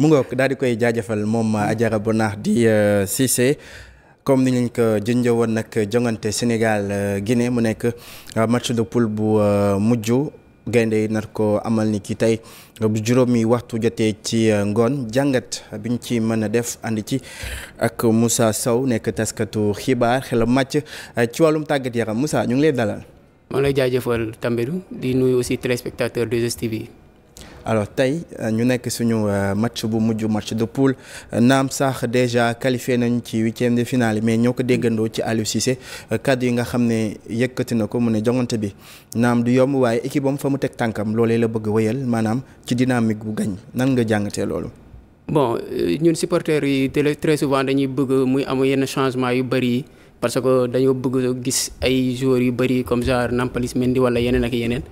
mu ngoog daal di koy jaajëfal moom Adjara Bonar di euh, Cissé comme ni ñu ko jënjë woon nag jongante Sénégal euh, Guinée mu nekk euh, match de poule bu mujj gaynde yi nar ko amal ni ki tey bu juróomi waxtu jotee ci ngoon jàngat biñ ci mën a def àndi ci ak Moussa Sow nekk taskatu xibaar xelam màcc ci wàllum tàggat yaram musa ñu ngi lay dalal. maa lay jaajëfal Tambédou di nuyu aussi téléspectateur de 2STV alors tey euh, ñu nekk suñu euh, match bu mujj match de poule euh, naam sax déjà qualifié nañu ci huitième de finale mais ñoo ko déggandoo ci Aliou Cissé kaddu yi nga xam ne yëkkati na ko mu ne jongante bi naam du yomb waaye équipe am fa mu teg tànkam loolee la bëgg wëyal maanaam ci dynamique bu gañ nan nga jàngatee loolu. bon ñun supporters yi très souvent dañuy bëgg muy am yenn changement yu bëri parce que dañoo bëgg gis ay joueurs yu bëri comme genre Nampalys Mendy wala yeneen ak yeneen.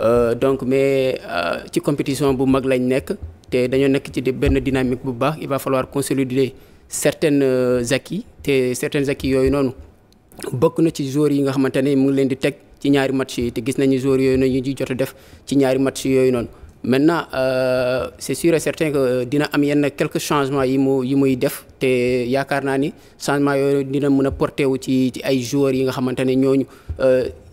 Euh, donc mais euh, ci compétition bu mag lañ nekk te dañoo nekk ci benn dynamique bu baax il va falloir consolider certaines euh, acquis te certaines acquis yooyu noonu bokk na ci joueurs yi nga xamante ne mu ngi leen di teg ci ñaari match yi te gis nañu joueurs yooyu noonu ñu ciy jot a def ci ñaari match yooyu noonu. maintenant euh, c' est certain que dina am yenn quelques changement yi mu yi muy def te yaakaar naa ni changement yooyu dina mën a porté wu ci ay joueurs yi nga xamante ne ñooñu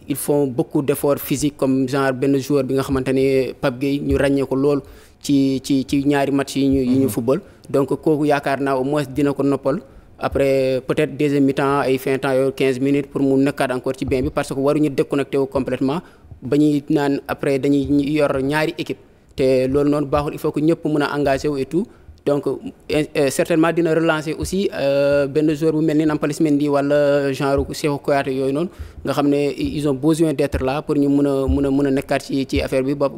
ils font beaucoup d'efforts physiques comme genre benn joueur bi nga xamante ne Pape ñu ràññee ko lool ci ci ci ñaari match yi ñu ñu mhm. football donc kooku yaakaar naa au moins dina ko noppal après peut-être deuxième mi-temps ay fin temps yooyu quinze minutes pour mu nekkaat encore ci bien bi parce que waruñu déconnecté wu complètement ba ñuy naan après dañuy yor ñaari équipe te loolu noonu baaxul il faut que ñëpp mën a engagé wu et donc euh, euh, certainement dina relancer aussi euh, benn joueur bu mel ni Nampalys Mendy wala genre Cheikhou Kouyaté yooyu noonu nga xam ne ils ont besoin d'être la pour ñu mun a mun a mun a nekkaat ci ci affaire bi ba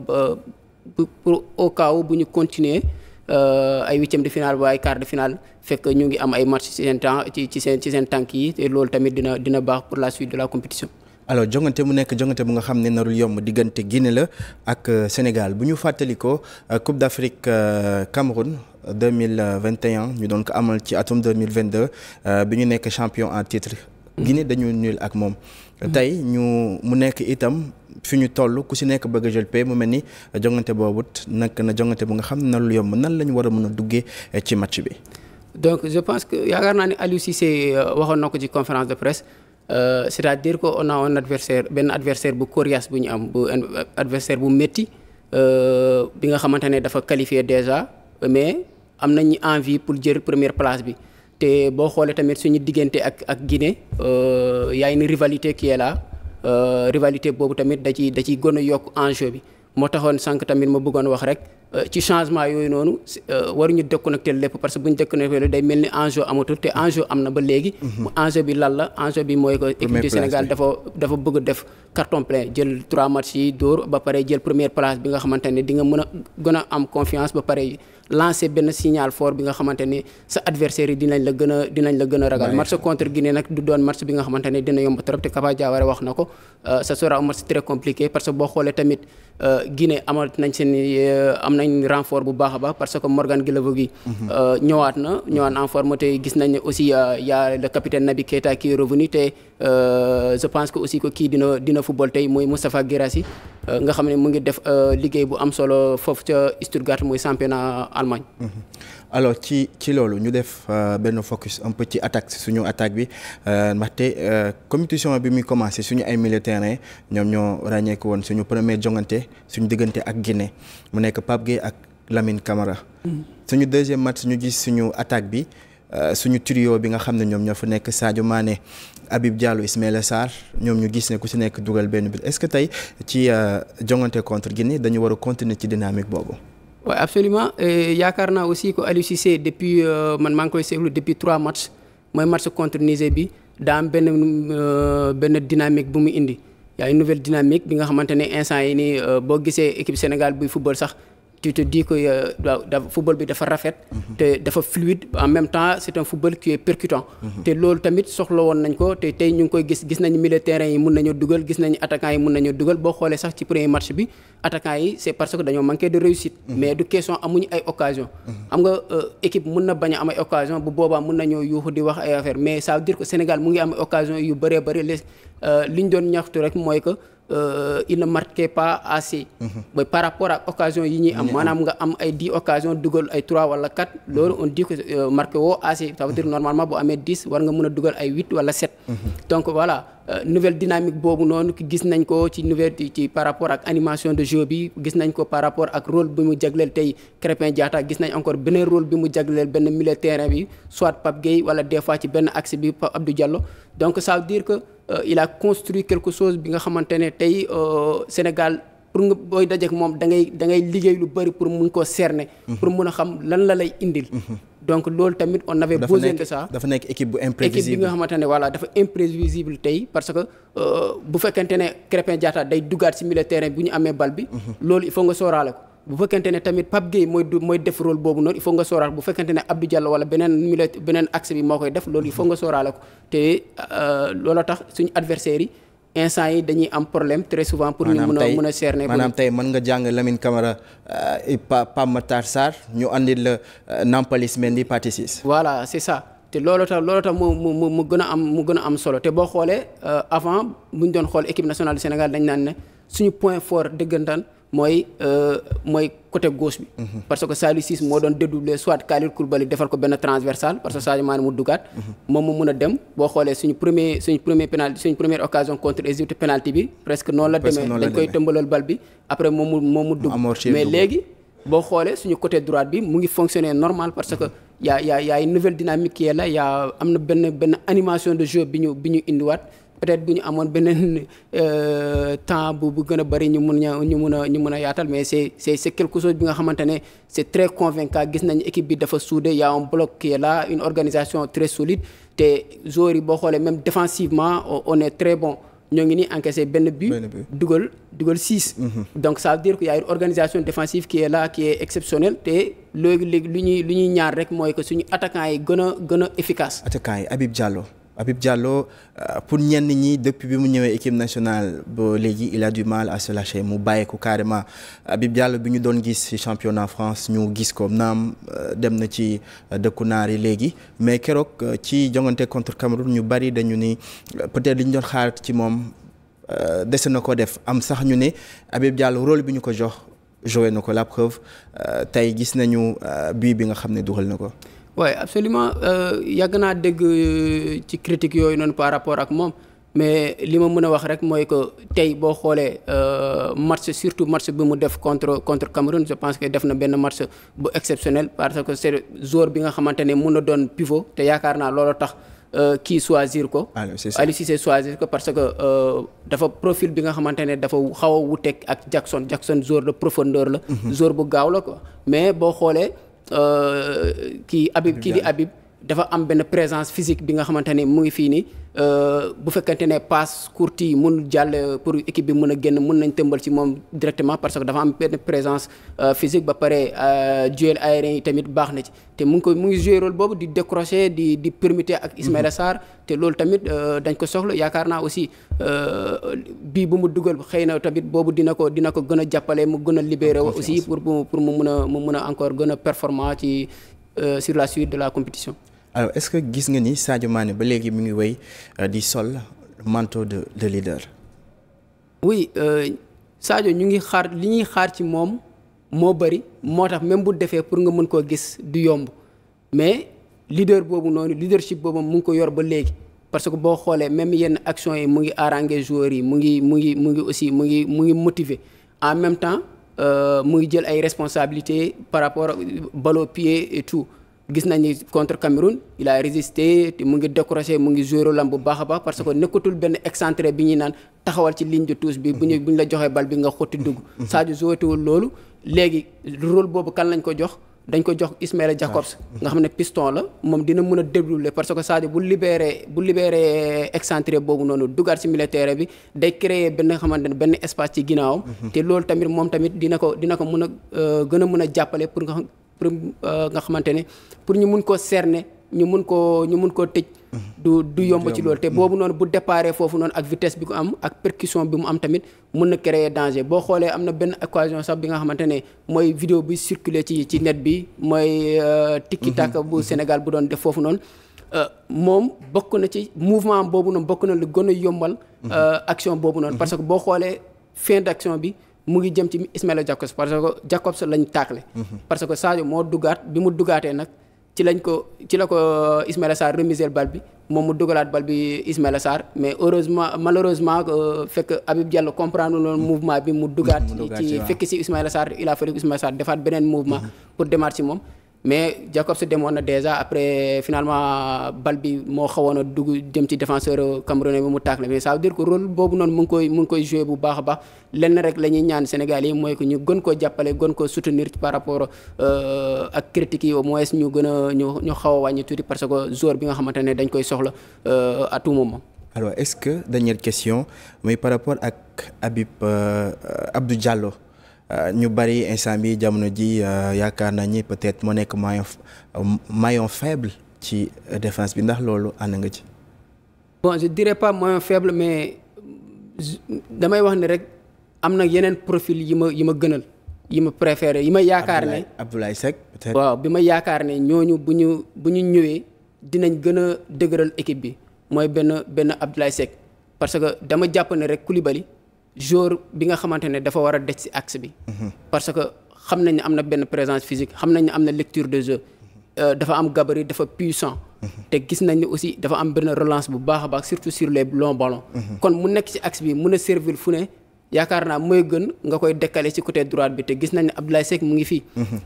pour au bu ñu continuer ay huitième de finale ba ay quart de finale fekk ñu ngi am ay match ci seen temps ci ci seen seen tànk yi te loolu tamit dina dina baax pour la suite de la compétition. alors jongante mu nekk jongante bu nga xam ne narul yomb diggante Guinée la ak Sénégal bu ñu fàttalikoo Coupe d'Afrique Cameroun. deux mille vingt et un ñu doon ko amal ci atum mille vingt deux euh, bi ñu nekk champion en titre. Guinée dañu nul ak moom. tey ñu mu nekk itam fi ñu toll ku si nekk bëgg a jël mu mel ni jongante boobu nag na jongante bu nga xam ne nan yomb nan la ñu war a mën a duggee euh, ci match bi. donc je pense que yaakaar naa ne Aliou Cissé euh, waxoon na ko ci conférence de presse euh, c'est-à-dire que on a un adversaire benn adversaire bu coriace bu ñu am bu adversaire bu métti bi nga xamante ne dafa qualifié déjà mais. am nañu envie pour jël première place bi te boo xoolee tamit suñu diggante ak ak Guinée euh, y a une rivalité qui est là euh, rivalité boobu tamit da ciy da ciy gën a yokk enjeu bi moo taxoon sànq tamit ma bëggoon wax rek. Euh, ci changement yooyu noonu euh, waruñu déconnecté lépp parce que bu ñu déconnecté lépp day mel ni enjeu amatul te enjeu am na ba léegi. Mhm. enjeu bi lan la enjeu bi mooy que. équipe du Sénégal dafa bëgg def carton plein jël trois matchs yi dóor ba pare jël première place bi nga xamante ne di nga mën a gën a am confiance ba pare lancer benn signal fort bi nga xamante ne sa adversaire yi dinañ la gën a dinañ la gën a ragal. match contre Guinée nag du doon xamante ne dina yomb trop euh, parce que boo xoolee tamit. Euh, Guinée amal nañ seen euh, am nañ renfort bu baax a baax parce que Morgan Guelavogui mhm. euh, ñëwaat na ñëwaat enfort forme te gis nañ ne aussi y'a le capitaine Naby Keita qui est revenu je pense que aussi que kii dina dina football tey mooy Moustapha Guirassy Euh, nga xam ne mu ngi def euh, liggéey bu am solo foofu ca Stuttgart muy championnat Allemagne. Mm-hmm. alors ci ci loolu ñu def euh, benn focus un peu ci attaque suñu attaque bi ndaxte compétition bi muy commencé suñu ay militaires ñoom ñoo ràññeeku woon suñu premier jongante suñu diggante ak ginne mu nekk Pape Gueye ak Lamine Camara. Mm-hmm. suñu deuxième match ñu gis suñu attaque bi. Euh, suñu trio bi nga xam ne ñoom ñoo fa nekk Sadio abib Habib Diallo Ismaïla Sarr ñoom ñu gis ne ku si nekk dugal benn bi est-ce que tey ci euh, jongante contre Guinée dañu war a continuer ci dynamique boobu. waaw absolument yaakaar naa aussi que Aliou Cissé depuis euh, man maa ngi koy seetlu depuis trois matchs mooy match contre Niger bi daa am benn benn dynamique bu mu indi. y une nouvelle dynamique bi nga xamante ne instant yi nii boo gisee équipe Sénégal buy football sax. tu te dis que euh, waaw football bi dafa rafet. Mhm. te dafa fluide en même temps c' football qui est percutant. Mhm. te loolu tamit soxla woon nañ ko te tey ñu ngi koy gis gis nañ terrain yi mun nañoo dugal gis nañ attaquant yi mun nañoo dugal boo xoolee sax ci premier match bi attaquant yi c' parce que dañoo manqué de réussite. Mhm. mais du question amuñu ay occasion. xam nga euh, équipe mun na bañ am occasion bu boobaa mun nañoo yuuxu di wax ay affaire mais ça Euh, li ñu doon ñaxtu rek mooy que euh, il ne marquait pas assez. ba mhm. par rapport ak occasion yi ñuy am. maanaam nga am ay di occasion dugal ay trois wala quatre. loolu on dit que euh, marqué woo assez. ça veut dire mhm. normalement bu amee dix war nga mën a dugal ay huit wala sept. Mhm. donc voilà. Euh, nouvelle dynamique boobu noonu gis nañ ko ci nouvelle ci par rapport ak animation de jeu bi gis nañ ko par rapport ak rôle bi mu jagleel tey Crépin Diatta gis nañ encore beneen rôle bi mu jagleel benn milieu terrain bi soit Pape Gueye wala des fois ci benn axe bi Pape Abdou Diallo donc sa veut dire que euh, il a construit quelque chose bi nga xamante ne tey euh, Sénégal pour nga booy dajeek moom da ngay da liggéey lu bëri pour mun koo cerner. Mm-hmm. pour mun a xam lan la lay indil. Mm-hmm. donc loolu tamit on avait besoin de ça dafa nekk équipe bu imprévisible équipe bi nga xamante ne voilà dafa imprévisible tey parce que euh, bu fekkente ne Krépin Diatta day dugaat si milieu terrain bu ñu amee bal bi. Mhm. loolu il faut nga sóoraale ko. bu fekkente ne tamit Pape Gueye mooy boobu noonu il nga sóoraal bu fekkente ne Abdou Diallo wala beneen milieu beneen axe bi moo koy def loolu il faut nga sóoraale ko te euh, looloo tax suñu adversaire yi. instant yi dañuy am problème très souvent pour ñu mën a mën a cerner maanaam tey mën nga jàng Lamine Camara euh, Pa Pape Matar Sarr ñu andil la euh, te loolu tax loolu tax mu mu mu gën a am mu gën a am solo te boo xoolee euh, avant bu ñu doon xool équipe nationale du Sénégal dañ naan ne suñu point fort dëggantaan mooy euh, mooy côté gauche bi. Mhm. parce que Saliou Ciss moo doon dédoubler soit Khalil Koulibaly defal ko benn transversal parce que Sadio Mané mu dugaat. Mhm. moom mu mun a dem boo xoolee suñu premier suñu premier penalty suñu première occasion contre Égypte penalty bi presque noonu la. demee dañ koy tëmbalal bal bi après moom mu moom mu dugg. mais léegi boo xoolee suñu côté droite bi mu ngi fonctionner normal parce que. yaa yaa yaa une nouvelle dynamique qui est yaa am na benn benn animation de jeu bi ñu bi ñu indiwaat. peut-être bu ñu amoon beneen euh, temps bu bu gën a bëri ñu mun ñu mun a ñu mun a yaatal mais c'est c'est c'est quelque chose bi nga xamante ne c'est très convaincant gis nañu équipe bi dafa soudé y a un une organisation très solide te joueurs yi boo xoolee même défensivement on est très bon ñoo ngi nii encaissé benn but dugal dugal six mhm. donc ça veut dire que organisation défensive qui est la qui est exceptionnelle te léegi lu ñuy lu ñuy ñaar rek mooy que suñu attaquants yi gën a gën a efficace attaquants yi Habib Diallo Habib jàlloo euh, pour ñenn ñi depuis bi mu ñëwee équipe nationale ba léegi il a du mal à se mu mu ko carrément Habib Diallo bi ñu doon gis ci championnat France ñu gis ko naam euh, dem na ci euh, dëkku naar yi léegi mais keroog ci jongante contre Cameroun ñu bari dañu ni peut-être li ñu doon xaar ci moom dese na ko def am sax ñu ne Habib Diallo role bi ñu ko jox joué na ko la preuve tey gis nañu bii bi nga xam ne dugal na ko. waaye absolument euh, yàgg naa dégg euh, ci critique yooyu noonu par rapport ak moom mais li ma mën a wax rek mooy que tey boo xoolee euh, match surtout match bi mu def contre contre Cameroun je pense que def na benn match bu exceptionnel parce que c'est joueur bi nga xamante ne mun na doon pivot te yaakaar naa loolu tax kii choisir ko. Ah, Aliou Cissé choisir ko parce que dafa profil bi nga xamante ne dafa xaw a wuteeg ak Jackson Jackson joueur de profondeur la. Mhm. joueur bu gaaw la quoi boo xoolee. Euh, kii Habib kii di Habib dafa am benn présence physique bi nga xamante ne mu ngi fii nii euh, bu fekkente ne passe courte yi mun jàll pour équipe bi mun a génn mun nañ tëmbal ci moom directement parce que dafa am benn présence euh, physique ba pare euh, duel aérien yi tamit baax na ci te mu ngi ko mu ngi joué boobu di décrocher di di permuter ak Ismaïla mhm. Sarr te loolu tamit dañ ko soxla yaakaar naa aussi bii bu mu dugal xëy na tamit boobu dina ko dina ko gën a jàppale mu gën a libéré aussi pour pour mu mun a mu mun a encore gën a performant ci sur la suite de la compétition alors est-ce que gis nga ni Sadio Mané ba léegi mu ngi wéy euh, di sol manteau de de leader. oui euh, Sadio ñu ngi xaar li ñuy xaar ci moom moo bëri moo tax même bu defee pour nga mën koo gis du yomb mais leader boobu noonu leadership boobu mu ngi ko yor ba léegi. parce que boo xoolee même yenn action yi mu ngi arrangé joueurs yi mu ngi mu ngi mu ngi aussi mu ngi mu ngi motivé en même temps euh, mu ngi jël ay responsabilité par rapport ballon pied tout. gis nañ ni contre Cameroun il a résisté te mu ngi décroché mu ngi joué rôle bu baax baax parce que nekkatul benn excentré bi ñuy naan taxawal ci ligne de touche bi. bu ñu bu la joxee bal bi nga xotti dugg. Mhm. Sadio jouétuwul loolu léegi rôle boobu kan lañ ko jox. dañ ko jox Ismaïla Jacobs nga xam ne piston la moom dina mën a débrouiller parce que Sadio bu libéré bu libéré excentré boobu noonu dugaat si militaire bi day créer benn xamante ne benn espace ci ginnaawam. Mhm. te loolu tamit moom tamit dina ko dina ko mën a euh, gën a mën a jàppale pour nga pour euh, nga xamante ne pour ñu mun koo cerner ñu mun koo ñu mun koo tëj. du du yomb ci loolu te boobu noonu bu déparé foofu noonu ak vitesse bi ko am ak percussion bi mu am tamit mun na créer danger boo xoolee am na benn occasion sax bi nga xamante ne mooy vidéo bi circuler ci ci net bi mooy. Euh, tikki taka mhm. bu Sénégal bu doon def foofu noonu. Euh, moom bokk na ci mouvement boobu noonu bokk na lu gën a yombal. Mhm. action boobu noonu. Mhm. parce que boo xoolee fin d'action bi. mu ngi jëm ci Ismaila Jacobs parce que Jacobs lañ tàkkale. Mhm. parce que Sadio moo dugaat bi mu dugaatee nag ci lañ ko ci la ko Ismaila Sarr remiser bal bi moom mu dugalaat bal bi Ismaila Sarr mais heureusement malheureusement fekk Habib Diallo comprendre loolu mouvement bi mu dugaat ci fekk si Ismaila Sarr il a fallu Ismaila Sarr defaat beneen mouvement mhm. pour démarrer si moom mais Jacobs demoon na déjà après finalement bal bi moo xawoon a dugg jëm ci défenseur camerounais bi mu tàkk mais ça veut dire que rôle boobu noonu mu ngi koy mu ngi koy joué bu baax baax lenn rek la ñaan Sénégal yi mooy que ñu gën koo jàppale gën koo soutenir par rapport euh, ak critiques yi au moins ñu gën a ñu ñu xaw wàññi tuuti parce que joueur bi nga xamante ne dañ koy soxla euh, à moment. alors est-ce que dernière question mooy par rapport ak Habib euh, Abdou Diallo. Euh, ñu bari instant bi jamono ji euh, yaakaar nañ ni peut-être moo nekk maillon maillon faible ci défense bi ndax loolu ànd nga ci. bon je dirais pas maillon faible mais damay wax ni rek am na yeneen profil yi ma yi ma gënal yi ma préféré yi ma yaakaar ne Abdoulaye Seck peut waaw bi ma yaakaar ne ñooñu bu ñu bu ñu ñëwee dinañ gën a dëgëral équipe bi mooy benn benn Abdoulaye Seck parce que dama jàpp ne rek Koulibaly jour bi nga xamante ne dafa war a dej si axe bi. Mhm. parce que xam nañ ne am na benn présence physique xam nañ ne am na lecture de jeu. Euh, dafa am gabarit dafa puissant. Mhm. te gis nañ ni aussi dafa am benn relance bu baax a baax surtout sur les longs ballons. Mhm. kon mu nekk ci axe bi mun a servir fu ne yaakaar naa mooy gën nga koy décaler ci côté droite bi te gis nañ ab Abdoulaye Seck mu ngi fii.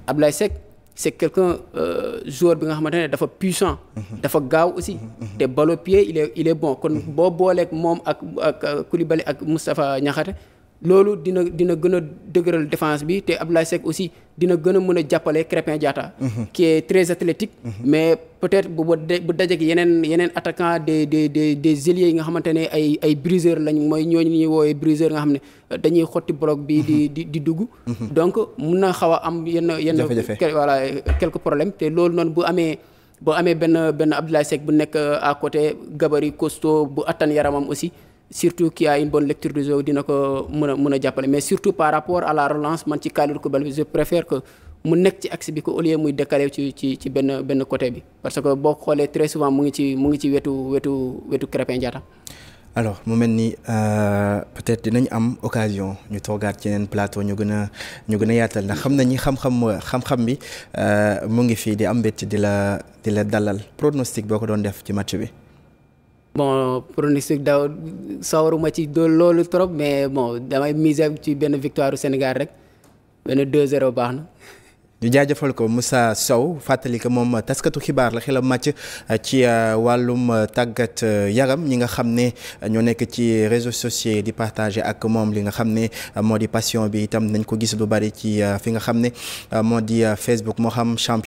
ab Abdoulaye Seck c'est quelqu'un euh, joueur bi nga xamante ne dafa puissant. dafa gaaw aussi. te ballon pied il est il est bon kon boo booleek moom ak ak euh, Koulibaly ak Moustapha Niakhaté loolu dina dina gën a dëgëral défense bi te Abdoulaye Seck aussi dina gën a mën a jàppale Crépin Diatta. Mhm. qui est très athlétique. Mhm. mais peut-être bu ba bu yeneen yeneen attaquant des de des des ailiers yi nga xamante ne ay ay briseurs lañ mooy ñooñu ñuy woowee briseurs nga xam ne dañuy xotti bloc bi di mhm. di di dugg. donc mun na xaw a am yenn yenn. voilà quelques problèmes te loolu noonu bu amee. boo amee benn benn Abdoulaye Seck bu nekk à côté gabarit costaud bu attan yaramam aussi. surtout qui ay une bonne lecture du jeu dina ko mën a mën a jàppale mais surtout par rapport à la relance man ci Kalidou Koulibaly bi je préfère que mu nekk ci axe bi ko au lieu muy décaler ci ci ci benn benn côté bi parce que boo xoolee très souvent mu ngi ci mu ngi ci wetu wetu wetu Krépin Diatta alors mu mel ni euh, peut-être dinañ am occasion ñu toogaat ci yeneen plateau ñu gën a ñu gën a yaatal ndax xam nañu xam-xam xam-xam bi euh, mu ngi fii di am mbégte di la di la dalal pronostic boo ko doon def ci match bi. bon pronostic daw sawaruma ci dool loolu trop mais bon damay miser ci benn victoire Sénégal rek benn 2-0 baax na. ñu jaajëfal ko Moussa Sow fàttali ko moom taskatu xibaar la xelam màcc euh, ci euh, wàllum euh, tàggat yaram ñi nga xam ne ñoo nekk ci réseaux sociaux di partager ak moom li nga xam ne moo di passion bi itam nañ ko gis lu bari ci fi nga xam ne moo di Facebook moo xam champion